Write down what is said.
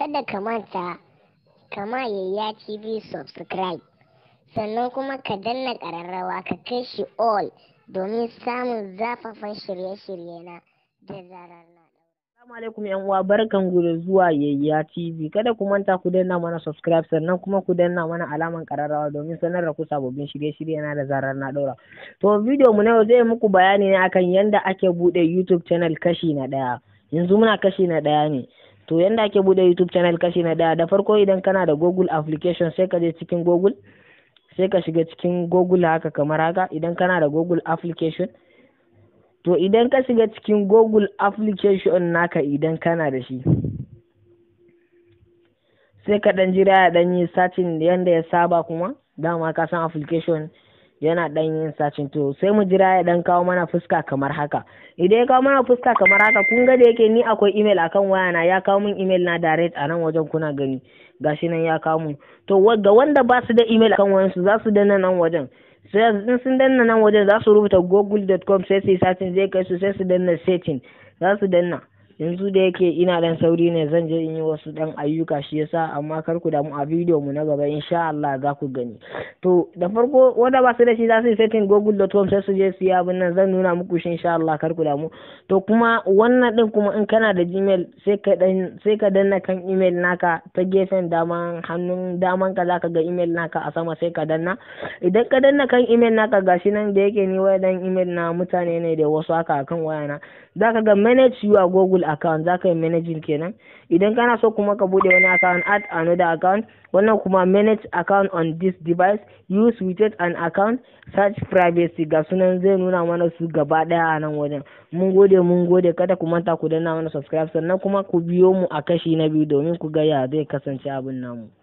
kada ka manta kama yayya tv subscribe sannan kuma ka danna kararrawa ka kai shi all domin samun zafafan shirye-shirye na da zarar na Assalamu alaikum yan uwa barkan ku da zuwa yayya TV kada ku manta ku danna mana subscribe sannan kuma ku danna mana alaman kararrawa domin sanar da ku sababbin shirye-shirye na da zarar na daura to video mu na yau zai muku bayani ne akan yanda ake buɗe YouTube channel kashi na daya yanzu muna kashi na daya ne to yanda ake bude youtube channel kashi na daya da farko idan kana da google application sai ka je cikin google sai ka shiga cikin google haka kamar haka idan kana da google application to idan ka shiga cikin google application naka idan kana da shi sai ka dan jira ya dan yi satin yanda ya saba kuma dama ka san application yana ɗan yin sacin to sai mu jira ya dan kawo mana fuska kamar haka idan ya kawo mana fuska kamar haka kun ga da yake ni akwai email akan na ya kawo min email na direct a nan wajen kuna gani gashi nan ya kawo min to ga wanda ba su da email akan wayansu za su danna nan wajen sai in sun danna nan wajen za su rubuta google.com sai su yi zai kai su sai su danna setting za su danna yanzu da yake ina dan sauri ne zan je in yi wasu dan ayyuka shi yasa amma kar ku damu a bidiyo mu na gaba insha Allah za ku gani to da farko wanda ba su da shi za su yi setting google.com sai su je su yi abin nan zan nuna muku shi insha Allah kar ku damu to kuma wannan din kuma in kana da gmail sai ka dan sai ka danna kan email naka ta gefen daman hannun daman ka zaka ga email naka a sama sai ka danna idan ka danna kan email naka gashi nan da yake ni wayar dan email na mutane ne da wasu haka akan wayana na zaka ga manage your google account zaka yi managing kenan idan kana so kuma ka bude wani account add another account wannan kuma manage account on this device use widget an account search privacy ga sunan zai nuna mana su gaba daya a nan wajen mun gode mun gode kada ku manta ku danna mana subscribe sannan kuma ku biyo mu a kashi na biyu domin ku ga ya zai kasance abin namu